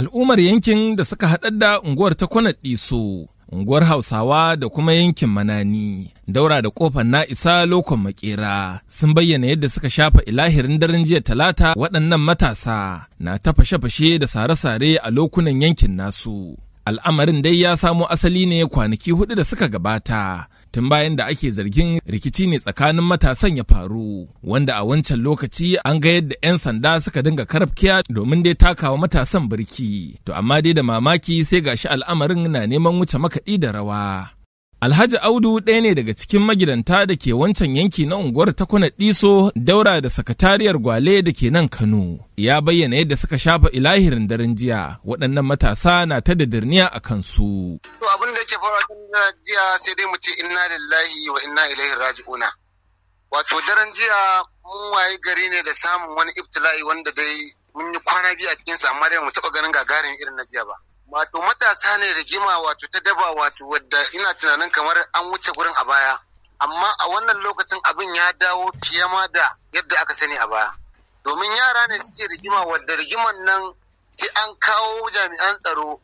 Al'ummar yankin da suka haɗa da unguwar ta kwana ɗiso, unguwar Hausawa da kuma yankin Manani, daura da ƙofar na isa lokon makera, sun bayyana yadda suka shafa ilahirin daren jiya talata waɗannan matasa na tafashe fashe-fashe da sare-sare a lokunan yankin nasu. Al'amarin dai ya samo asali ne kwanaki hudu da suka gabata, tun bayan da ake zargin rikici ne tsakanin matasan ya faru, wanda a wancan lokaci an ga yadda 'yan sanda suka dinga karafkiya domin dai takawa matasan birki. To amma dai da mamaki sai gashi al'amarin na neman wuce makaɗi da rawa. Alhaji Audu ɗaya ne daga cikin magidanta da ke wancan yanki na unguwar ta kuna ɗiso daura da sakatariyar gwale da ke nan Kano. Ya bayyana yadda suka shafa ilahirin daren jiya waɗannan matasa na ta da dirniya a kansu. To abin da ke faruwa cikin jiya sai dai mu ce inna lillahi wa inna ilaihi raji'una. Wato daren jiya mun waye gari ne da samun wani ibtila'i wanda dai mun yi kwana biyu a cikinsa amma dai mu taɓa ganin gagarin irin na jiya ba. wato matasa ne rigima wato ta daba wato wadda ina tunanin kamar an wuce gurin a baya amma a wannan lokacin abin ya dawo fiye ma da yadda aka sani a baya domin yara ne suke rigima wadda rigiman nan sai an kawo jami'an tsaro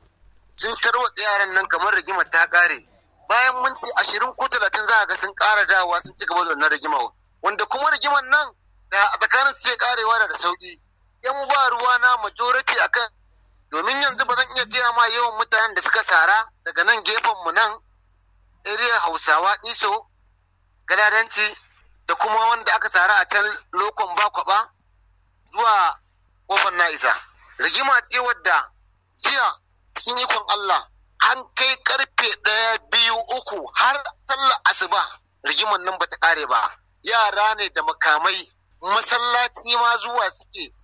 sun tarwatsa yaran nan kamar rigima ta kare bayan minti ashirin ko talatin za a ga sun kara dawa sun ci gaba da wannan rigima wanda kuma rigiman nan da a tsakanin su ke karewa da sauki yan ba ruwa na majority akan domin yanzu ba zan iya gaya ma yawan mutanen da suka sara daga nan gefen mu nan area hausawa niso galadanci da kuma wanda aka sara a can lokon bakwaba zuwa kofar Na'iza. rigima ce wadda jiya cikin ikon allah an kai karfe ɗaya biyu uku har sallar asuba rigiman nan bata kare ba yara ne da makamai masallaci ma zuwa suke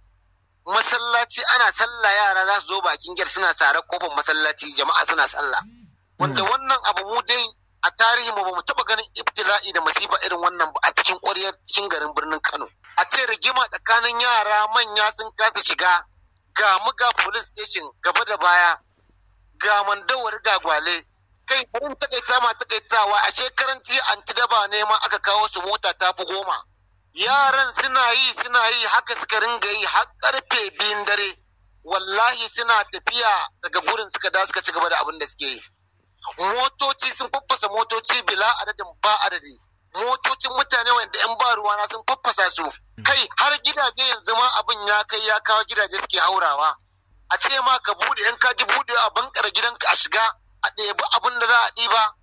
masallaci sai ana sallah yara za su zo bakin gyar suna sare kofar masallaci jama'a suna sallah wanda wannan abu mu dai a tarihi mu ba mu taba ganin ibtila'i da masifa irin wannan ba a cikin ƙwaryar cikin garin birnin Kano a ce rigima tsakanin yara manya sun kasa shiga ga muga police station gaba da baya ga mandawar gwale. kai barin takaita ma takaitawa a shekaran jiya an ci daba ne ma aka kawo su mota ta fi goma yaran suna yi suna yi haka suka ringa yi har karfe biyun dare wallahi suna tafiya daga gurin suka da suka ci gaba da abin da suke yi motoci sun faffasa motoci bila adadin ba adadi motocin mutane wanda yan ba ruwana sun faffasa su kai har gidaje yanzu ma abin ya kai ya kawo gidaje suke haurawa a ce ma ka bude yan kaji bude a bankar gidanka a shiga a ɗebi abin da za a ɗiba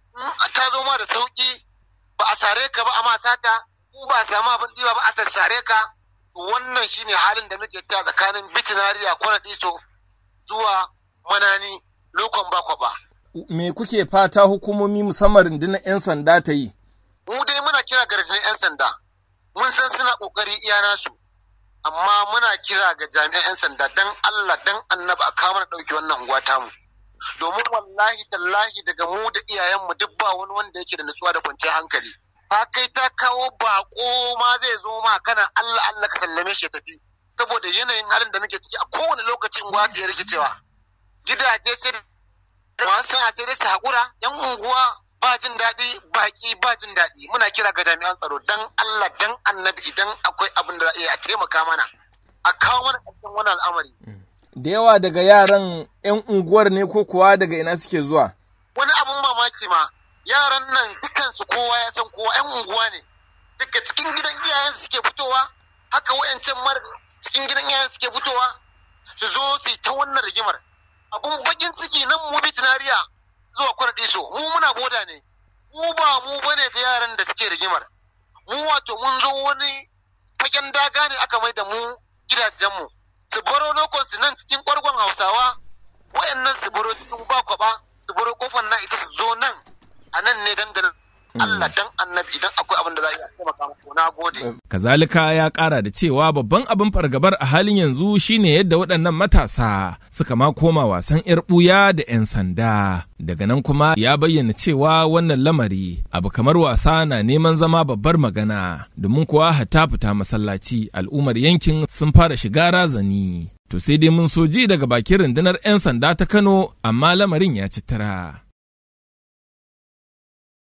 ta zo ma da sauki ba a sare ka ba a ma sata ba a samu abin diba ba a sassare ka wannan shine halin da muke ta tsakanin bitinariya kwana ɗiso zuwa manani lokon bakwa ba. Me kuke fata hukumomi musamman rundunar 'yan sanda ta yi? Mu dai muna kira ga rundunar 'yan sanda. Mun san suna ƙoƙari iya nasu. Amma muna kira ga jami'an 'yan sanda dan Allah dan annaba a kamar ɗauki wannan gwata mu, Domin wallahi tallahi daga mu da iyayenmu duk ba wani wanda yake da nutsuwa da kwanciyar hankali. ta kai ta kawo bako ma zai zo ma kana Allah Allah ka sallame shi tafi saboda yanayin halin da muke ciki a kowane lokacin gwata ya rikicewa gidaje sai masu a sai su hakura yan unguwa ba jin daɗi baƙi ba jin daɗi muna kira ga jami'an tsaro dan Allah dan annabi idan akwai abin da za a iya taimaka mana a kawo mana ƙarshen wani al'amari. Mm. Da yawa daga yaran 'yan unguwar ne ko kuwa daga ina suke zuwa? Wani abin mamaki ma yaran nan su kowa ya san kowa yan unguwa ne daga cikin gidan iyayen suke fitowa haka wayancan mar cikin gidan iyayen suke fitowa su zo su ta wannan rigimar abun bakin ciki nan mu bi tunariya zuwa kwana so mu muna boda ne mu ba mu bane da yaran da suke rigimar mu wato mun zo wani fagen daga ne aka mai da mu gidajenmu su baro su nan cikin kwargon hausawa wayannan su baro cikin kwaba su baro kofan na ita su zo nan a nan ne dangane Allah dan annabi idan akwai abin da za a taimaka muku na gode. Kazalika ya kara da cewa babban abin fargabar a halin yanzu shine yadda waɗannan matasa suka ma koma wasan 'yar ɓuya da 'yan sanda. Daga nan kuma ya bayyana cewa wannan lamari abu kamar wasa na neman zama babbar magana domin kuwa hatta fita masallaci al'ummar yankin sun fara shiga razani. To sai dai mun so ji daga bakin rundunar 'yan sanda ta Kano amma lamarin ya ci tara.